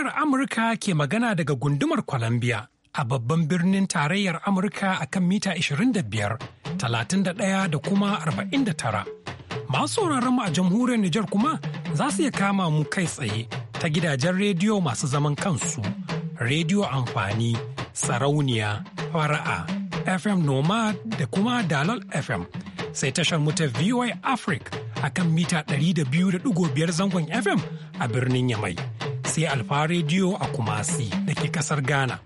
Muryar Amurka ke magana daga gundumar kwalambiya a babban birnin tarayyar Amurka a kan mita 25, 31 da kuma 49. Masu sauraron mu a jamhuriyar Nijar kuma za su iya kama mu kai tsaye ta gidajen rediyo masu zaman kansu, rediyo amfani, sarauniya, fara'a, FM Noma da kuma Dalal FM. Sai tashar mu ta VOA Africa a kan mita 200.5 zangon FM a birnin Yamai. sai Alfa Radio a Kumasi da ke kasar Ghana.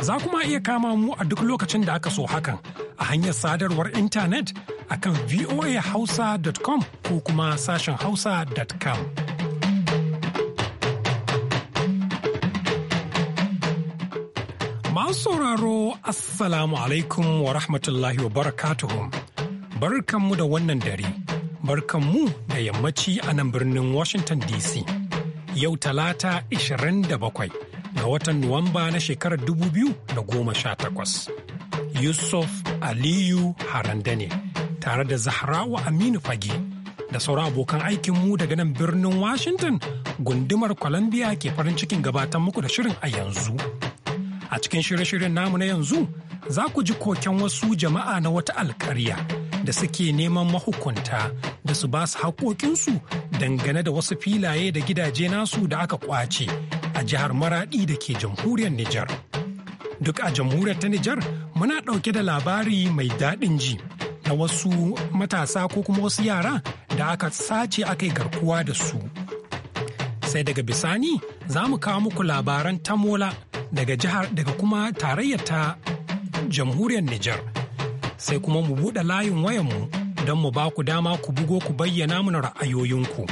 Za kuma iya kama mu a duk lokacin da aka so hakan a hanyar sadarwar intanet a kan voahausa.com ko kuma sashen hausa.com. Masu sauraro Assalamu alaikum wa rahmatullahi wa barakatuhu. Barkanmu da wannan dare, barkanmu da yammaci a nan birnin Washington DC. yau talata 27 ga watan Nuwamba na shekarar 2018. Yusuf Aliyu Harandane tare da Zahrawa Aminu Fage da sauran abokan aikinmu daga nan birnin Washington gundumar Columbia ke farin cikin gabatan muku da shirin a yanzu. A cikin shirye-shiryen namu na yanzu za ku ji koken wasu jama'a na wata alkarya. da suke neman mahukunta da su ba su haƙoƙinsu dangane da wasu filaye da gidaje nasu da aka kwace a jihar Maraɗi da ke jamhuriyar Nijar. Duk a jamhuriyar ta Nijar muna ɗauke da labari mai daɗin ji na wasu matasa ko kuma wasu yara da aka sace aka yi garkuwa da su. Sai daga bisani za mu kawo muku labaran tamola daga daga kuma tarayyar ta jamhuriyar Nijar. sai kuma mu buɗe layin wayanmu don mu ba ku dama ku bugo ku bayyana mana ra'ayoyinku.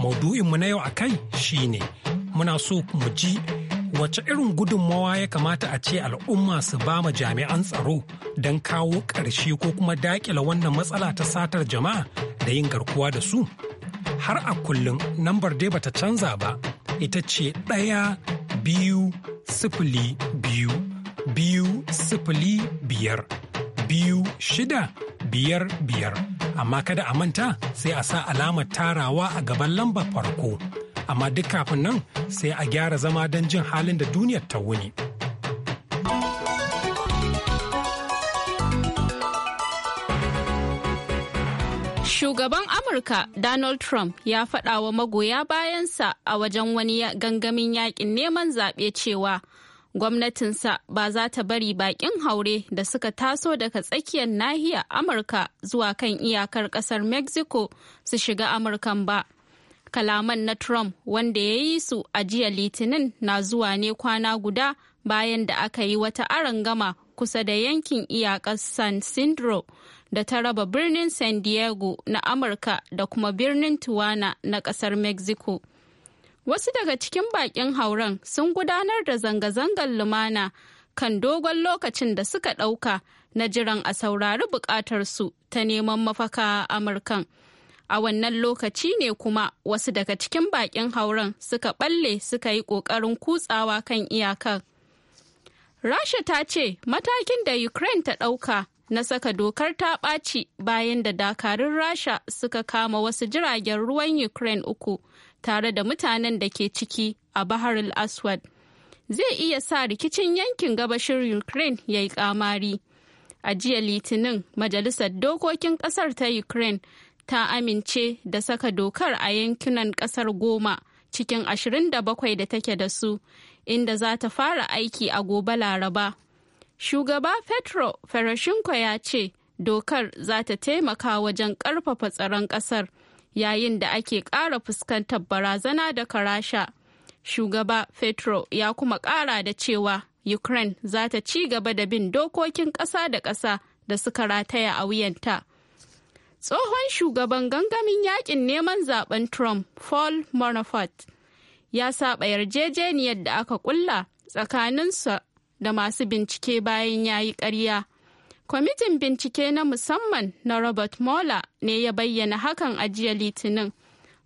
Maudu'inmu na yau a kai ne. muna so mu ji wace irin gudunmawa ya kamata a ce al'umma su ba ma jami'an tsaro don kawo ƙarshe ko kuma daƙila wannan matsala ta satar jama'a da yin garkuwa da su. Har a kullum nambar dai bata canza ba, ita ce ɗaya biyu sifili biyu biyu sifili biyar biyu shida biyar biyar amma kada a manta sai a sa alamar tarawa a gaban lambar farko amma duk kafin nan sai a gyara zama don jin halin da duniyar ta wuni. Shugaban Amurka Donald Trump ya faɗa wa magoya bayansa a wajen wani gangamin yakin neman zaɓe cewa gwamnatinsa ba za ta bari bakin haure da suka taso daga tsakiyar nahiyar amurka zuwa kan iyakar kasar mexico su shiga amurkan ba kalaman na trump wanda ya yi su a jiya litinin na zuwa ne kwana guda bayan da aka yi wata arangama kusa da yankin iyakar san sindro da ta raba birnin san diego na amurka da kuma birnin tuwana na kasar mexico Wasu daga cikin bakin hauren sun gudanar da zanga-zangar lumana kan dogon lokacin da suka ɗauka na jiran a saurari buƙatarsu ta neman mafaka a Amurkan. A wannan lokaci ne kuma wasu daga cikin bakin hauren suka ɓalle suka yi ƙoƙarin kutsawa kan iyakar. Rasha ta ce matakin da Ukraine ta ɗauka na saka dokar ta ɓaci bayan da dakarun Rasha suka kama wasu jiragen ruwan Ukraine uku tare da mutanen da ke ciki a bahar aswad zai iya sa rikicin yankin gabashin ukraine ya yi kamari a jiya litinin majalisar dokokin kasar ta ukraine ta amince da saka dokar a yankunan kasar goma cikin 27 da take da su inda za ta fara aiki a gobe laraba shugaba petro Ferashinko ya ce dokar za ta taimaka wajen ƙarfafa tsaron ƙasar yayin da ake ƙara fuskantar barazana daga Rasha, Shugaba Petro ya kuma ƙara da cewa Ukraine za ta ci gaba da bin dokokin ƙasa da ƙasa da suka rataya a wuyanta. Tsohon shugaban gangamin yakin neman zaben Trump, Paul Manafort, ya saba yarjejeniyar da aka kulla tsakaninsa da masu bincike bayan ya yi ƙarya. Kwamitin bincike na musamman na Robert Mueller ne ya bayyana hakan a Litinin.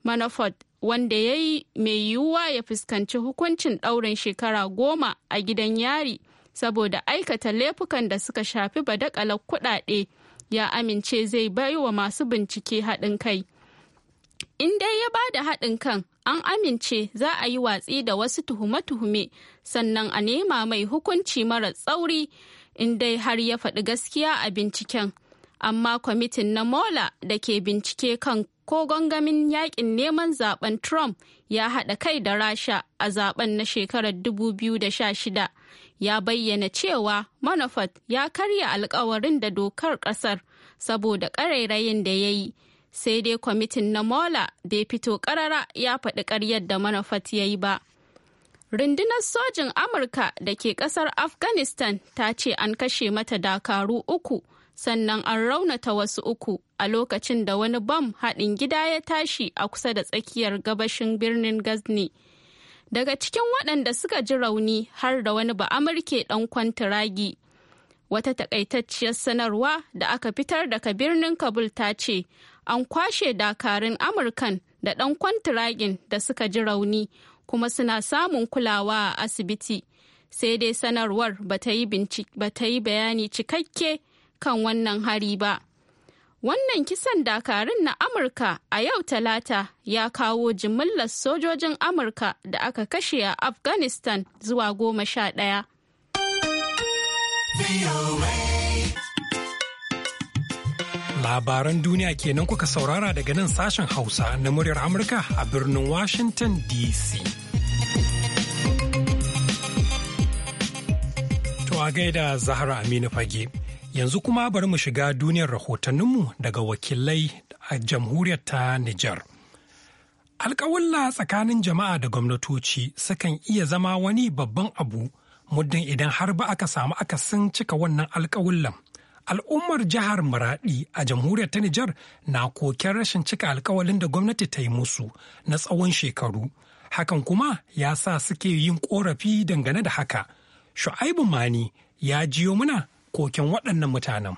Manafort wanda ya yi mai yiwuwa ya fuskanci hukuncin ɗaurin shekara goma a gidan yari saboda aikata laifukan da suka shafi badakalar kuɗaɗe ya amince zai bai wa masu bincike haɗin kai. In dai ya ba da haɗin kan an amince za a yi watsi da wasu tuhume-tuhume sannan a nema mai hukunci mara tsauri in dai har ya faɗi gaskiya a binciken amma kwamitin na mola da ke bincike kan ko gangamin yakin neman zaben trump ya haɗa kai da rasha a zaben na shekarar 2016 ya bayyana cewa manafat ya karya alkawarin da dokar ƙasar saboda ƙarairayin da ya yi sai dai kwamitin na mola bai fito ƙarara ya faɗi ƙaryar da manafat ya yi ba Rundunar sojin Amurka da ke ƙasar Afghanistan ta ce an kashe mata dakaru uku sannan an raunata wasu uku a lokacin da wani bam haɗin gida ya tashi a kusa da tsakiyar gabashin birnin Ghazni. Daga cikin waɗanda suka ji rauni har da wani ba'amurke ɗan kwantiragi. Wata takaitacciyar sanarwa da aka fitar daga birnin Kabul ta ce an kwashe dakarun Amurkan da ɗan kwantiragin da suka ji rauni kuma suna samun kulawa a asibiti sai dai sanarwar ba ta yi bayani cikakke kan wannan hari ba wannan kisan dakarun na amurka a yau talata ya kawo jimillar sojojin amurka da aka kashe a afghanistan zuwa goma sha ɗaya. Labaran duniya kenan kuka saurara daga nan sashen Hausa na muryar Amurka a birnin Washington DC. To a gaida Zahra Aminu Fage. Yanzu kuma bari mu shiga duniyar rahotanninmu daga wakilai a jamhuriyar ta Nijar. alkawalla tsakanin jama'a da gwamnatoci sukan iya zama wani babban abu muddin idan har ba aka samu akasin cika wannan alƙawullan al'ummar jihar maradi a jamhuriyar ta nijar na koken rashin cika alkawalin da gwamnati ta yi musu na tsawon shekaru hakan kuma ya sa suke yin korafi dangane da haka shu'aibu mani ya jiyo muna koken waɗannan mutanen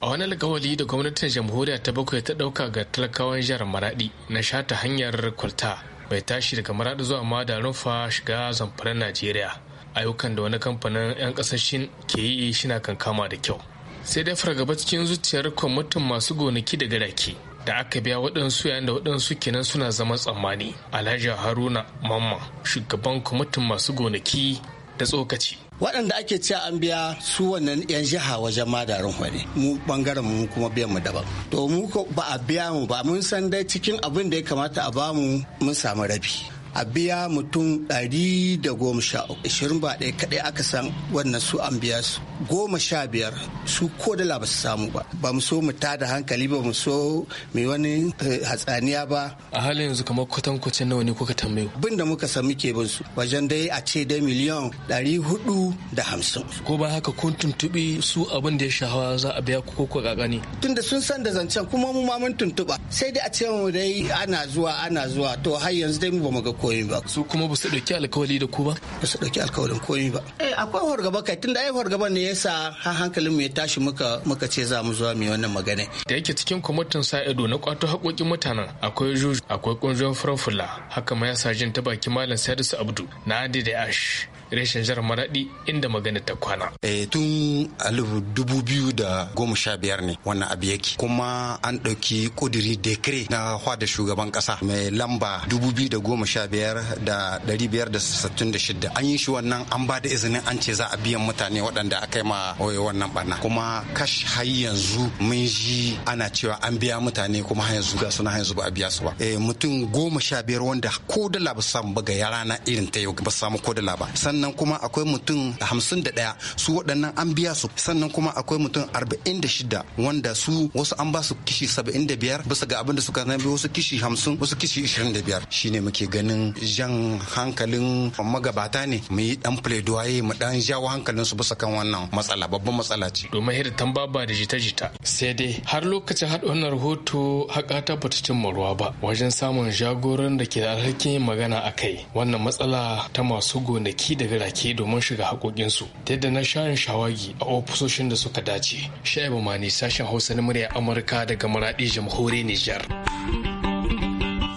a wani alkawali da gwamnatin jamhuriya ta bakwai ta ɗauka ga talakawan jihar maradi na shata hanyar kwalta bai tashi daga maradi zuwa madarufa shiga zamfara najeriya ayyukan da wani kamfanin 'yan kasashen ke yi shina kankama da kyau sai dai fargaba cikin zuciyar kwamitin masu gonaki daga rake da aka biya waɗansu yayin da waɗansu kenan suna zama tsammani alhaji haruna mamma shugaban kwamitin masu gonaki da tsokaci waɗanda ake cewa an biya su wannan 'yan jiha wajen madarin hwari mu bangaren mu kuma biyan mu daban to mu ba a biya mu ba mun san dai cikin abin da ya kamata a bamu mun samu rabi a biya mutum ɗari da goma sha uku ishirin ba ɗaya kaɗai aka san wannan su an biya su goma sha biyar su ko dala ba su samu ba ba mu so mu tada hankali ba mu so mai wani eh, hatsaniya ba a halin yanzu kamar kwacin nawa ne kuka tambayo bin da muka san muke bin su wajen dai a ce dai miliyan ɗari hudu da hamsin ko ba haka kun tuntuɓi su abin da ya shahawa za a biya ko ko ne. tunda sun san da zancen kuma mu ma mun tuntuɓa sai dai a ce mu dai ana zuwa ana zuwa to har yanzu dai mu ba mu ga koyi ba su kuma ba su dauki alkawali da ku ba ba su dauki alkawalin koyi ba eh akwai horgaba kai tunda ai fargaba ne yasa har hankalin mu ya tashi muka muka ce za mu zuwa mu wannan magana da yake cikin kwamitin sa ido na kwato haƙoƙin mutanen akwai juju akwai kunjon farfula haka ma yasa jin ta baki malam Sadisu Abdu na Adi da Ash reshen jihar maradi inda magana ta kwana eh, tun alifu dubu biyu da goma sha biyar ne wannan abu yake kuma an ɗauki kudiri dekre na hwada shugaban ƙasa mai lamba dubu biyu da goma sha biyar da ɗari biyar da sittin da shidda. an yi shi wannan an ba da izinin an ce za a biyan mutane waɗanda aka yi ma eh, wannan ɓarna kuma kash har yanzu mun ji ana cewa an biya mutane kuma har yanzu ga suna har yanzu ba a biya su ba eh, mutum goma sha biyar wanda ko dala ba samu ba ga yara na irin ta yau ba samu ko dala ba sannan kuma akwai mutum hamsin da ɗaya su waɗannan an biya su sannan kuma akwai mutum arba'in da shida wanda su wasu an ba su kishi saba'in da biyar bisa ga abin da suka zama wasu kishi hamsin wasu kishi ishirin da biyar shine muke ganin jan hankalin magabata ne mu yi dan pledoyer mu dan jawo hankalin su bisa kan wannan matsala babban matsala ce domin hir tambaba da jita-jita sai dai har lokacin haɗa wannan rahoto haƙa ta cin cimma ba wajen samun jagoran da ke da alhakin magana a kai wannan matsala ta masu gonaki da daga rake domin shiga haƙoƙinsu ta yadda na shayin shawagi a ofisoshin da suka dace sha'ibu mani sashen hausa na murya amurka daga maraɗi Jamhuri nijar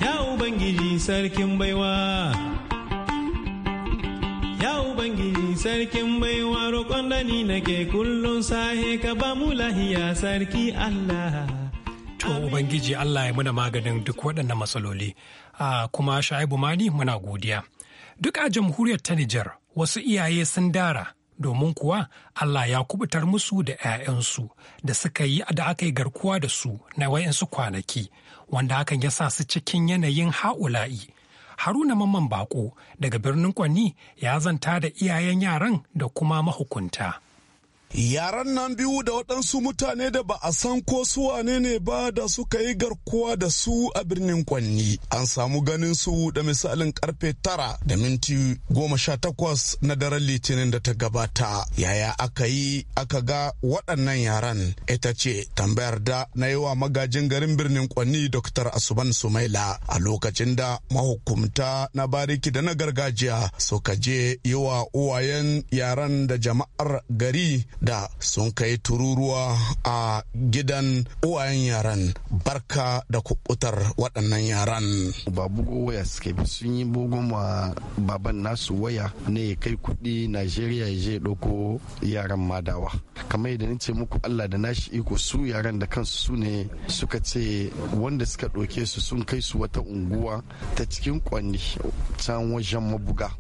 ya ubangiji sarkin baiwa ya ubangiji nake kullum sahe ka ba lahiya sarki allah to ubangiji Allah ya muna maganin duk waɗannan matsaloli a ah, kuma sha'ibu mani muna godiya Duk a jamhuriyar ta Nijar wasu iyaye sun dara domin kuwa Allah ya kubutar musu da 'ya'yansu da suka yi da aka yi garkuwa da su na wayansu kwanaki wanda hakan ya sa su cikin yanayin ha'ula'i. Haruna Mamman Bako daga birnin kwanni ya zanta da iyayen yaran da kuma mahukunta. yaran nan biyu da waɗansu mutane da ba a san ko su wane ne ba da suka yi garkuwa da su a birnin kwanni an samu ganin su da misalin karfe tara da minti goma sha takwas na daren litinin da ta gabata yaya aka yi aka ga waɗannan yaran ita ce tambayar da na yi wa magajin garin birnin kwanni dr asuban sumaila a lokacin da mahukumta na bariki da na gargajiya suka je yi wa uwayen yaran da jama'ar gari da sun kai tururuwa a gidan uwayen yaran barka da kubutar waɗannan yaran. Ba bugo waya suke bi sun yi bugon ma baban nasu waya ne ya kai kudi Najeriya ya je ɗauko yaran madawa. Kamar yadda ce muku Allah da nashi iko su yaran da kansu su ne suka ce wanda suka ɗauke su sun kai su wata unguwa ta cikin kwanni can wajen mabuga.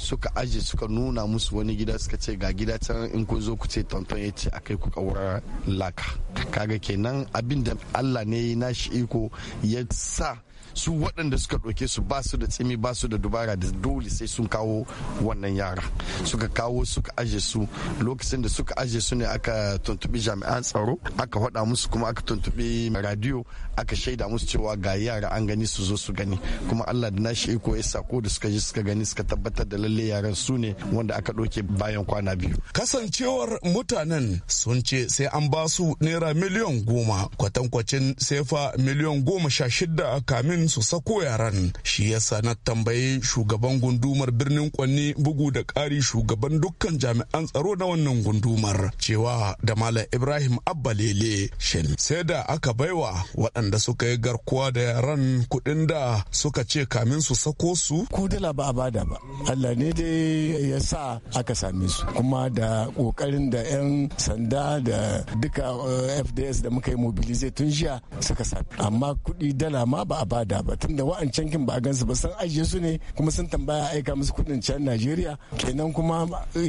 suka aje suka nuna musu wani gida suka ce ga gida can in kun zo ku ce tonton ya ce kai ku kaura laka kaga kenan abin da Allah ne na shi iko ya sa su waɗanda suka ɗauke su ba su da tsimi ba su da dubara da dole sai sun kawo wannan yara suka kawo suka aje su lokacin da suka aje su ne aka tuntubi jami'an tsaro aka faɗa musu kuma aka tuntubi radiyo aka shaida musu cewa ga yara an gani su zo su gani kuma Allah da nashi iko ya sako da suka ji suka gani suka tabbatar da lalle yaran su ne wanda aka ɗauke bayan kwana biyu kasancewar mutanen sun ce sai an ba su naira miliyan goma kwatankwacin sefa miliyan goma sha shida kamin domin su sako yaran shi yasa na tambayi shugaban gundumar birnin kwanni bugu da ƙari shugaban dukkan jami'an tsaro na wannan gundumar cewa da malam ibrahim abba lele shin sai da aka baiwa waɗanda suka yi garkuwa da yaran kuɗin da suka ce kamin su sako su ko dala ba a bada ba allah ne dai ya sa aka same su kuma da ƙoƙarin da 'yan sanda da duka eh, fds da muka yi mobilize tun jiya suka sami amma kuɗi dala ma ba a bada da ba da wa'ancan kin ba a gansu ba san ajiye su ne kuma sun tambaya aika musu kuɗin can Najeriya kenan kuma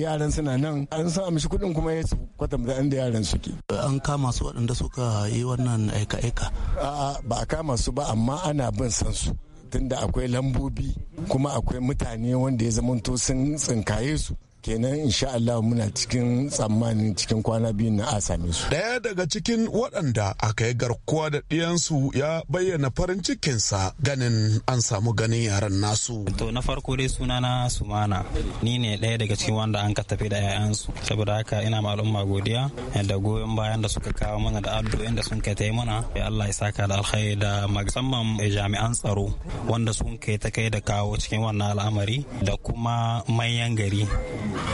yaran suna nan an san amshi kuɗin kuma ya kwatanta inda yaran suke. An kama su waɗanda suka yi wannan aika-aika. A'a ba a kama su ba amma ana bin san su. tunda akwai lambobi kuma akwai mutane wanda ya zamanto sun tsinkaye su kenan insha Allah muna cikin tsammanin cikin kwana biyu na a same su. Daya daga cikin waɗanda aka yi garkuwa da ɗiyansu ya bayyana farin cikinsa ganin an samu ganin yaran nasu. To na farko dai suna na Sumana ni ne ɗaya daga cikin wanda an ka tafi da 'ya'yansu saboda haka ina ma al'umma godiya da goyon bayan da suka kawo mana da addu'o'in da sun kai ta yi mana ya Allah ya saka da alkhairi da musamman jami'an tsaro wanda sun kai ta kai da kawo cikin wannan al'amari da kuma manyan gari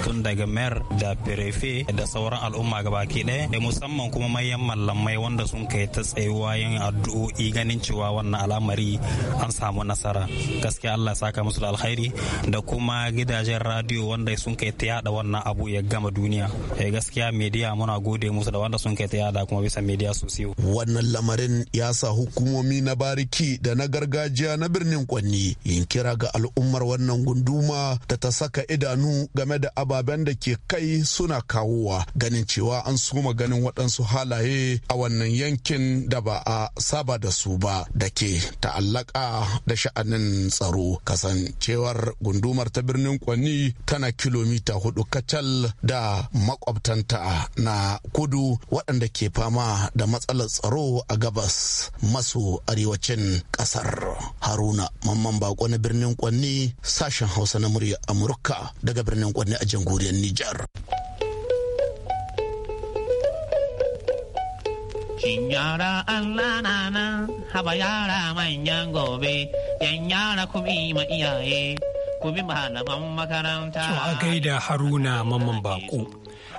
tun daga mayor da perefe da sauran al'umma gabaki ɗaya da musamman kuma mayan mallamai wanda sun kai ta tsayuwa yin addu'o'i ganin cewa wannan al'amari an samu nasara gaskiya Allah saka musu da alkhairi da kuma gidajen radio wanda sun kai ta yada wannan abu ya gama duniya eh, gaskiya media muna gode musu da wanda sun kai ta yada kuma bisa media sosai wannan lamarin ya sa hukumomi na bariki da na gargajiya na birnin kwanni yin kira ga al'ummar wannan gunduma da ta saka idanu game da da ababen da ke kai suna kawowa ganin cewa an suma ganin waɗansu halaye a wannan yankin da ba a saba da su ba da ke ta'allaka da sha'anin tsaro kasancewar gundumar ta birnin kwanni tana kilomita hudu kacal da makwabtanta na kudu waɗanda ke fama da matsalar tsaro a gabas maso arewacin ƙasar haruna mamman bako na birnin kwanni sashen hausa na murya amurka daga birnin kwanni a jamhuriyar Nijar. yara Allah na nan haba yara manyan gobe, yan yara ku bi ma iyaye, ku bi malaman makaranta. To a gaida Haruna Mamman Bako.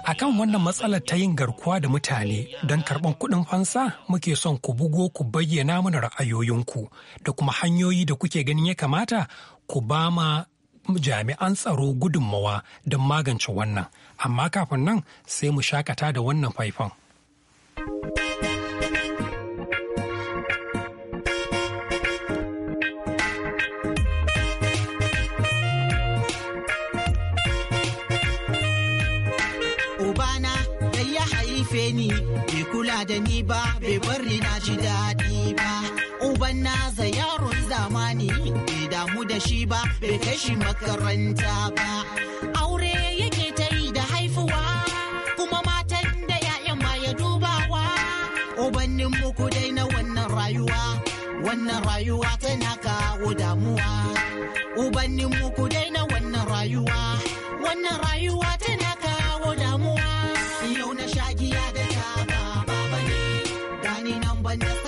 a kan wannan matsalar ta yin garkuwa da mutane don karɓar kuɗin fansa muke son ku bugo ku bayyana mana ra'ayoyinku da kuma hanyoyi da kuke ganin ya kamata ku ba ma jami'an tsaro gudunmawa don magance wannan amma kafin nan sai mu shakata da wannan faifan. Ubana da ya haife ni, bai kula da ni ba, bai bari na ji daɗi ba. uban nasa yaron zamani bai damu da shi ba bai kai shi makaranta ba aure yake ta yi da haifuwa kuma matan da 'ya'yan ma ya dubawa ubannin muku dai na wannan rayuwa wannan rayuwa tana kawo damuwa ubannin muku dai na wannan rayuwa wannan rayuwa tana kawo damuwa yau na shagiya da ta ba ba ne gani nan ban da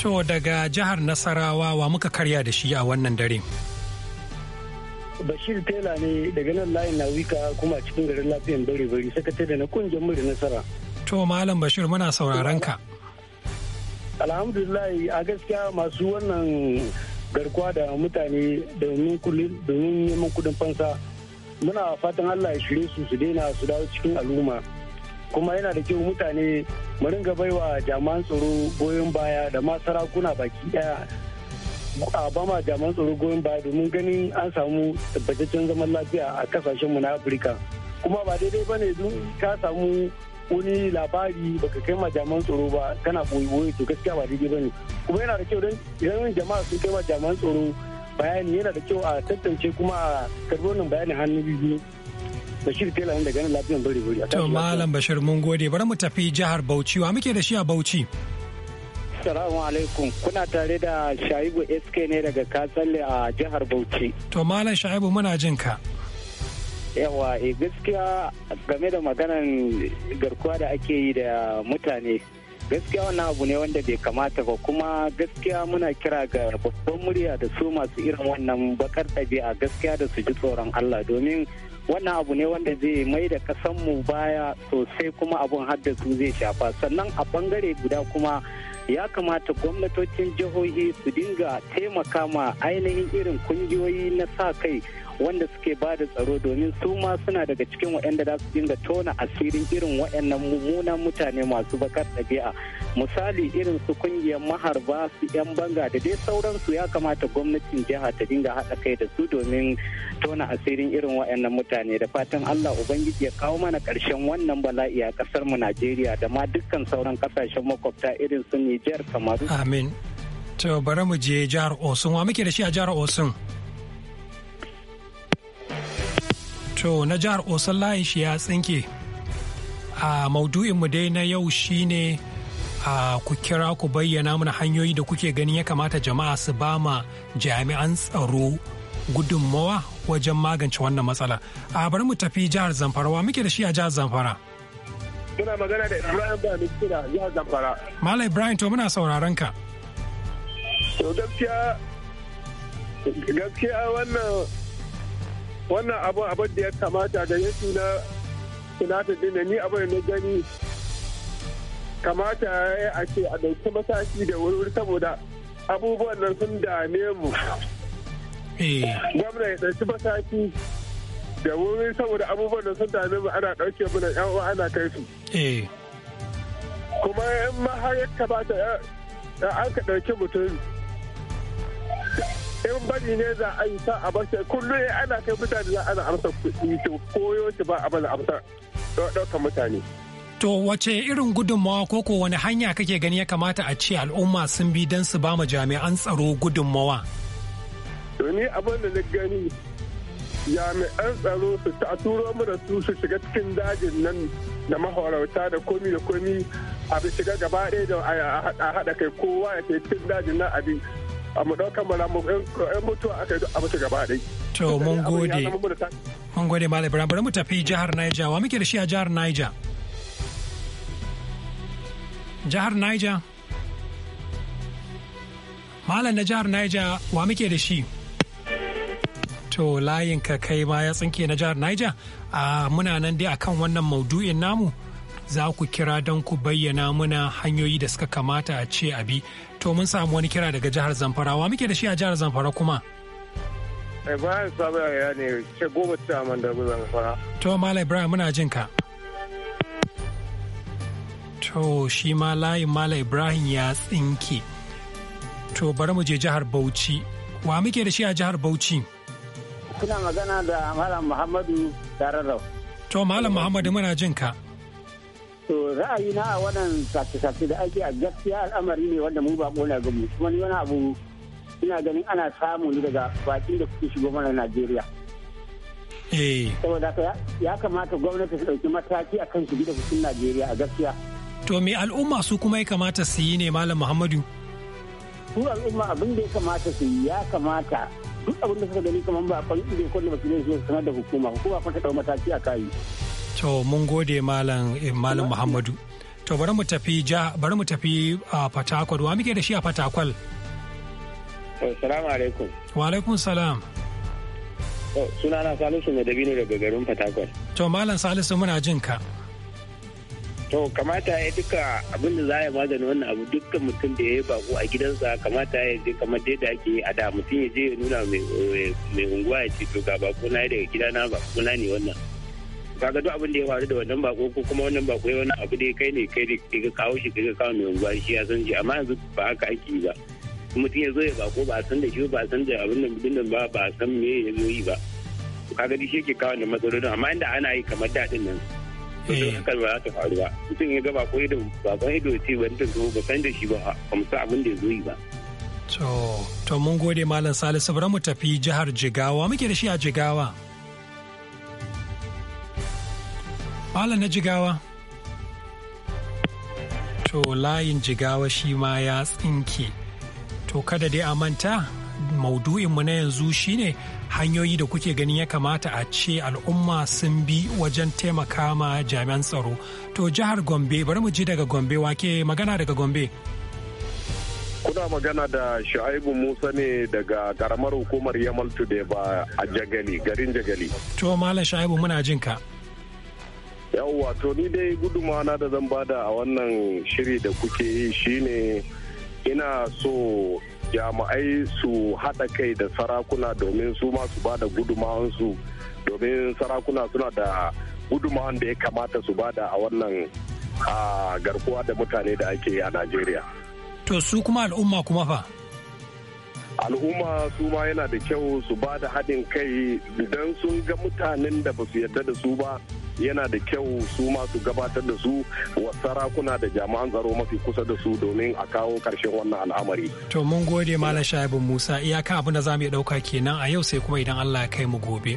To daga jihar Nasarawa wa muka karya da shi a wannan dare. Bashir Tela ne daga nan layin na wika kuma cikin garin lafiyan bari bari sakatare na kungiyar mu da nasara. To Malam Bashir muna sauraron ka. Alhamdulillah a gaskiya masu wannan garkuwa da mutane domin neman kudin fansa muna fatan Allah ya shirye su su daina su dawo cikin al'umma. kuma yana da kyau mutane mu ringa baiwa jaman tsoro goyon baya da ma sarakuna baki daya a bama jaman tsoro goyon baya domin ganin an samu tabbataccen zaman lafiya a kasashen mu na afirka kuma ba daidai ba ne don ka samu wani labari baka kai ma jaman tsoro ba kana boye to gaskiya ba daidai ne kuma yana da kyau don yawan jama'a sun kai ma jaman tsoro bayani yana da kyau a tantance kuma a karbonin bayanin hannu biyu Bashir Tela inda ganin lafiyan bari bari. To Malam Bashir mun gode bari mu tafi jihar Bauchi wa muke da shi a Bauchi. Assalamu alaikum kuna tare da Shaibu SK ne daga Katsalle a jihar Bauchi. To Malam Shaibu muna jin ka. Yawa e gaskiya game da maganan garkuwa da ake yi da mutane gaskiya wannan abu ne wanda bai kamata ba kuma gaskiya muna kira ga babban murya da su masu irin wannan bakar ɗabi'a gaskiya da su ji tsoron Allah domin wannan abu ne wanda zai mai da mu baya sosai kuma abun haddasu zai shafa sannan a bangare guda kuma ya kamata gwamnatocin jihohi su dinga taimaka ma ainihin irin kungiyoyi na sa kai wanda suke ba da tsaro domin su ma suna daga cikin waɗanda za su dinga tona asirin irin waɗannan mummunan mutane masu bakar ɗabi'a misali irin su kungiyar maharba su 'yan banga da dai sauransu ya kamata gwamnatin jiha ta dinga haɗa kai da su domin tona asirin irin waɗannan mutane da fatan allah ubangiji ya kawo mana ƙarshen wannan bala'i a ƙasar mu najeriya da ma dukkan sauran ƙasashen makwabta irin su nijar kamaru amin to bari mu je jihar osun wa muke da shi a jihar osun to na jihar osun layin shi ya tsinke a mu dai na yau shine a ku kira ku bayyana mana hanyoyi da kuke ganin ya kamata jama'a su ba ma jami'an tsaro gudunmawa wajen magance wannan matsala a bari mu tafi jihar zamfara wa muke da shi a jihar zamfara muna magana da ibrahim ba kira jihar zamfara malam ibrahim to muna sauraron ka to gaskiya gaskiya wannan wannan abin abin da ya kamata da yake na sinata da ni abin na gani kamata ya a ce a ɗauki masashi da wuri saboda abubuwan nan sun dame mu eh. gwamna ya ɗauki masashi da wuri saboda abubuwan nan sun dame mu ana ɗauke mu na yan uwa ana kai su eh. kuma in ma har ya kamata eh, an ka ɗauki mutum in bari ne za a yi sa a bar kullum ya ana kai mutane za ana amsa kuɗi to koyo shi ba a bala amsa ɗaukan mutane. To wace irin gudunmawa ko ko wani hanya kake gani ya kamata a ce al'umma sun bi don su ba ma jami'an tsaro gudunmawa? To ni abin da na gani jami'an tsaro su ta turo mu da su su shiga cikin dajin nan da mahorauta da komi da komi a shiga gaba ɗaya da a haɗa kai kowa ya cikin dajin nan abin a mu ɗaukar mara mu ɗan mutuwa aka yi a mutu gaba dai. To mun gode. Mun gode Malam Ibrahim bari mu tafi jihar Niger wa muke da shi a jihar Niger. Jihar Niger. Malam na jihar Niger wa muke da shi. To layin ka kai ma ya tsinke na jihar Niger. Ah, muna nan dai akan wannan maudu'in namu za ku kira don ku bayyana muna hanyoyi da suka kamata a ce abi to mun samu wani kira daga jihar zamfara wa muke da shi a jihar zamfara kuma ibrahim sabu ya ne ce goma ci a mandabu zamfara to malam ibrahim muna jin ka to shi ma layin malam ibrahim ya tsinke to bari mu je jihar bauchi wa muke da shi a jihar bauchi kuna magana da malam muhammadu Dararau. to malam muhammadu muna jin ka to ra'ayina a wannan sace-sace da ake a gaskiya al'amari ne wanda mu ba kona ga mu kuma ni wani abu ina ganin ana samu ne daga bakin da kuke shigo mana Najeriya. Eh. Saboda ka ya kamata gwamnati su ɗauki mataki a kan shigi da kusin Najeriya a gaskiya. To me al'umma su kuma ya kamata su yi ne Malam Muhammadu? Su al'umma abin da ya kamata su yi ya kamata duk abin da suka gani kamar ba a kwan ɗin da ya kwanne ba su ne su sanar da hukuma hukuma kuma ta ɗau mataki a kayi. to mun gode malam eh, malam muhammadu to bari mu tafi ja bari mu tafi a fatakwal wa muke da shi a fatakwal assalamu alaikum wa alaikum salam sunana salisu mai dabino daga garin fatakwal to malam salisu muna jin ka to kamata ya duka abin da za ya magana wannan abu dukkan mutum da ya yi bako a gidansa kamata ya je kamar da ake a da mutum ya je ya nuna mai eh, unguwa ya ce to ga bako na daga gidana bako na ne wannan kaga duk abin da ya faru da wannan bako ko kuma wannan bako ya wani abu da ya kai ne kai da ka kawo shi ka kawo mai unguwa shi ya san shi amma yanzu ba haka ake yi ba mutum ya zo ya bako ba a san da shi ba a san da abin nan bidin ba ba a san me ya zo yi ba kaga duk shi yake kawo da matsalolin amma inda ana yi kamar daɗin nan eh. hakan ba za ta faru ba mutum ya ga bako ido bakon ido ce ban ta zo ba san da shi ba ba mu san abin da ya zo yi ba to to mun gode malam salisu bari mu tafi jihar jigawa muke da shi a jigawa Mala na jigawa. To layin jigawa shi ma ya tsinke. To kada dai a manta, maudu'inmu na yanzu shine hanyoyi da kuke ganin ya kamata a ce al'umma sun bi wajen taimaka ma jami'an tsaro. To jihar Gombe, bari mu ji daga Gombe wake magana daga Gombe. Kuna magana da Shu'aibu Musa ne daga karamar hukumar Yamal Tudeba a Jagali, garin Jagali. To Malam Shu'aibu muna jinka. ka. yawwa to ni dai na da zan bada a wannan shiri da kuke yi shine ina so jami'ai su haɗa kai da sarakuna domin su masu ba da gudumawansu domin sarakuna suna da gudumawan da ya kamata su bada a wannan garkuwa da mutane da ake a najeriya to su kuma al'umma kuma fa al'umma su ma yana da kyau su ba da haɗin kai idan sun ga mutanen da ba su yarda da su ba yana da kyau su masu gabatar da su wa sarakuna da jami'an tsaro mafi kusa da su domin a kawo karshen wannan al'amari. To mun gode Malam Shaibu Musa iyaka abin da za mu iya ɗauka kenan a yau sai kuma idan Allah ya kai mu gobe.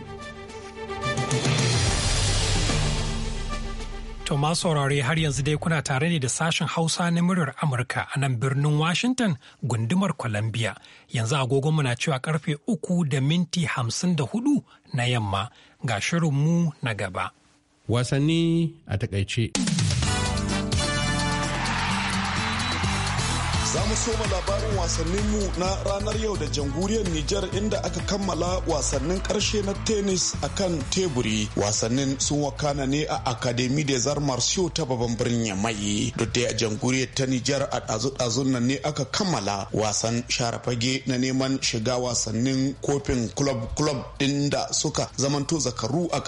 To ma saurare har yanzu dai kuna tare ne da sashen Hausa na muryar Amurka a nan birnin Washington gundumar Columbia. Yanzu agogonmu na cewa karfe uku da minti hamsin da hudu na yamma ga shirinmu na gaba. wasanni a takaice. Za mu soma labarin wasannin mu na ranar yau da jamhuriyar Nijar inda aka kammala wasannin karshe na tennis a kan teburi. Wasannin sun wakana ne a Akademi de Zar Martiaux ta babban birnin Yamai. Duk da jamhuriyar ta Nijar a ɗazu-ɗazun nan ne aka kammala wasan share fage na neman shiga wasannin kofin club-club ɗin da suka zamanto zakaru a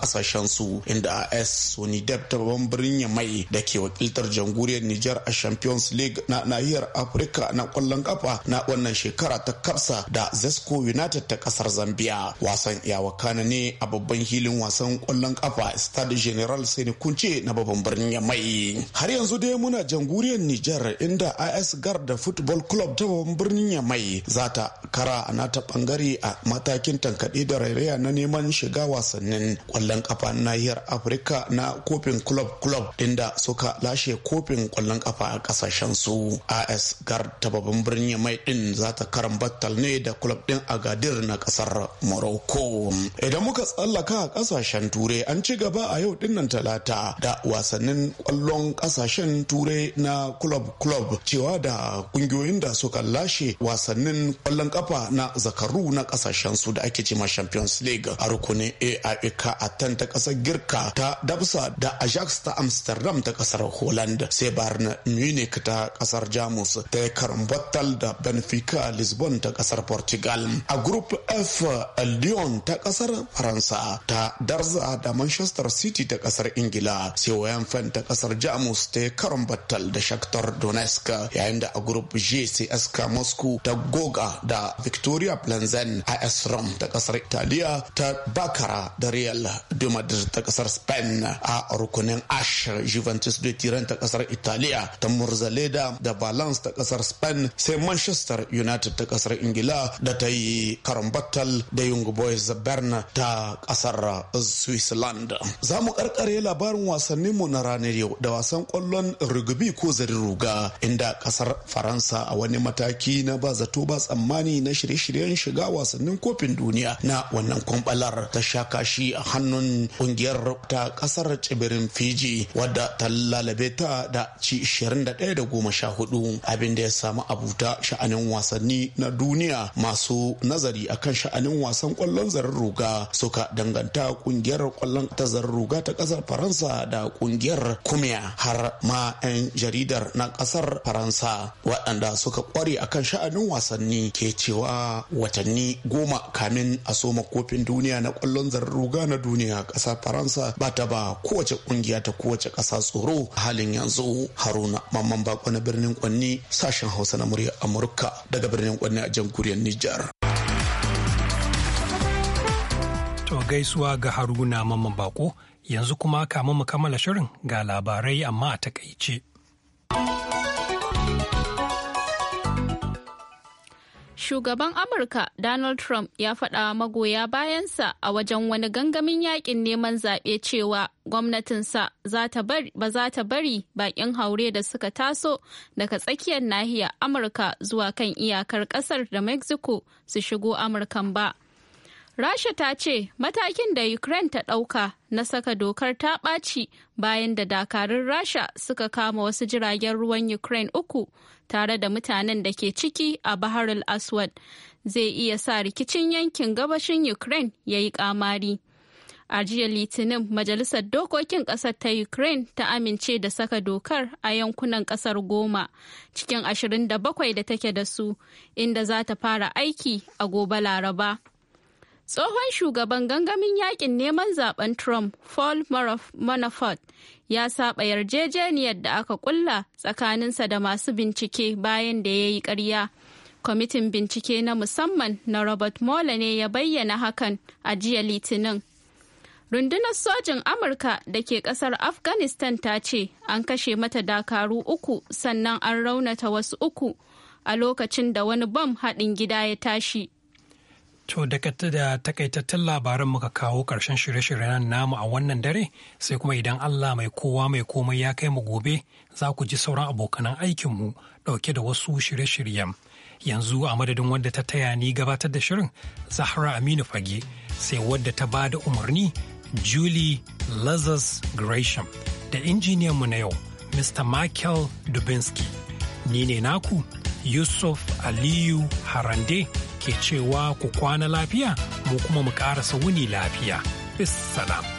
su. inda AS Deb ta babban birnin Yamai da ke wakiltar jamhuriyar Nijar a Champions League na nahiyar Afirka afirka na kwallon kafa na wannan shekara ta kapsa da zesco united ta kasar zambia wasan ya na ne a babban hilin wasan kwallon kafa stade general sani kunce na babban birnin mai. har yanzu dai muna jamhuriyar Nijar inda is da football club ta babban birnin yamai za ta kara a nata bangare a matakin tankaɗe da rairaya na neman shiga wasannin kwallon kafa nahiyar afirka na kofin club club inda suka lashe kofin kwallon kafa a kasashen su as gar ta babban birnin mai din za ta karambattal ne da kulab din agadir na kasar morocco idan muka tsallaka kasashen turai an ci gaba a yau dinnan talata da wasannin kwallon kasashen turai na club club cewa da kungiyoyin da suka lashe wasannin kwallon kafa na zakaru na kasashen su da ake ma champions league a rukunin aik a tan ta kasar girka ta dabsa da ajax ta amsterdam ta kasar holland sai bayern munich ta kasar jamus ta karambattal da benfica lisbon ta kasar portugal a group f lyon ta kasar faransa ta darza da manchester city ta kasar ingila sai wayanfen ta kasar jamus ta karambattal da shakhtar donetsk yayin da a group g sai sk moscow ta goga da victoria Plenzen, a rom ta kasar italiya ta bakara da real de madrid ta kasar spain a rukunin ash juventus de tiran ta kasar italiya ta murzaleda da balance ta kasar spain sai manchester united ta kasar ingila da ta yi battal da young boys bern ta kasar switzerland za mu karkare labarin mu na ranar yau da wasan kwallon rugby ko zarin ruga inda kasar faransa a wani mataki na ba zato ba tsammani na shirye-shiryen shiga wasannin kofin duniya na wannan kwambalar ta sha kashi a hannun kungiyar ta kasar tsibirin fiji wadda ta lalabe ta da ci 21 da goma sha hudu abinda ya samu abuta sha'anin wasanni na duniya masu nazari akan sha'anin wasan kwallon zarar ruga suka danganta kungiyar kwallon ta zarar ruga ta kasar faransa da kungiyar kumiya har ma 'yan jaridar na kasar faransa waɗanda suka kware akan sha'anin wasanni ke cewa watanni goma kamin a soma kofin duniya na kwallon zarar ruga na duniya kasar faransa ba ta ba kowace kungiya ta kowace ƙasa tsoro halin yanzu haruna mamman bako na birnin kwanni sa sashen Hausa na murya Amurka daga birnin Kwanne a jamhuriyar Nijar. To gaisuwa ga Haruna Mamman Bako yanzu kuma kamun mu kammala shirin ga labarai amma a takaice. shugaban Amurka Donald Trump ya faɗa magoya bayansa a wajen wani gangamin yakin neman zaɓe cewa gwamnatinsa ba za ta bari baƙin haure da suka taso daga tsakiyar nahiyar Amurka zuwa kan iyakar ƙasar da Mexico su shigo Amurkan ba. Rasha ta ce matakin da Ukraine ta ɗauka na saka dokar ta ɓaci bayan da dakarun Rasha suka kama wasu jiragen ruwan Ukraine uku tare da mutanen da ke ciki a Baharul Aswad zai iya sa rikicin yankin gabashin Ukraine ya yi kamari. A jiya Litinin, Majalisar Dokokin Ƙasar ta Ukraine ta amince da saka dokar a yankunan ƙasar goma cikin 27 da take da su, inda za ta fara aiki a gobe Laraba. Tsohon shugaban gangamin yakin neman zaben Trump, Paul Manafort, ya saba yarjejeniyar da aka kulla tsakaninsa da masu bincike bayan da ya yi ƙarya. Kwamitin bincike na musamman na Robert Mueller ne ya bayyana hakan a jiya Litinin. Rundunar sojin Amurka da ke ƙasar Afghanistan ta ce an kashe mata dakaru uku sannan an raunata wasu uku a lokacin da wani bam haɗin gida ya tashi. To da takaitattun labaran muka kawo ƙarshen shirye-shiryen namu a wannan dare sai kuma idan Allah mai kowa mai komai ya kai mu gobe za ku ji sauran abokanan aikinmu ɗauke da wasu shirye-shiryen. Yanzu a madadin wadda ta taya ni gabatar da shirin Zahra Aminu Fage sai wadda ta ba da umarni Julie Lazarus Gresham da mu na yau Mr. Michael Dubinsky. Ni ne naku Yusuf Aliyu Harande. ke cewa ku kwana lafiya mu kuma mu ƙarasa wuni lafiya. Bis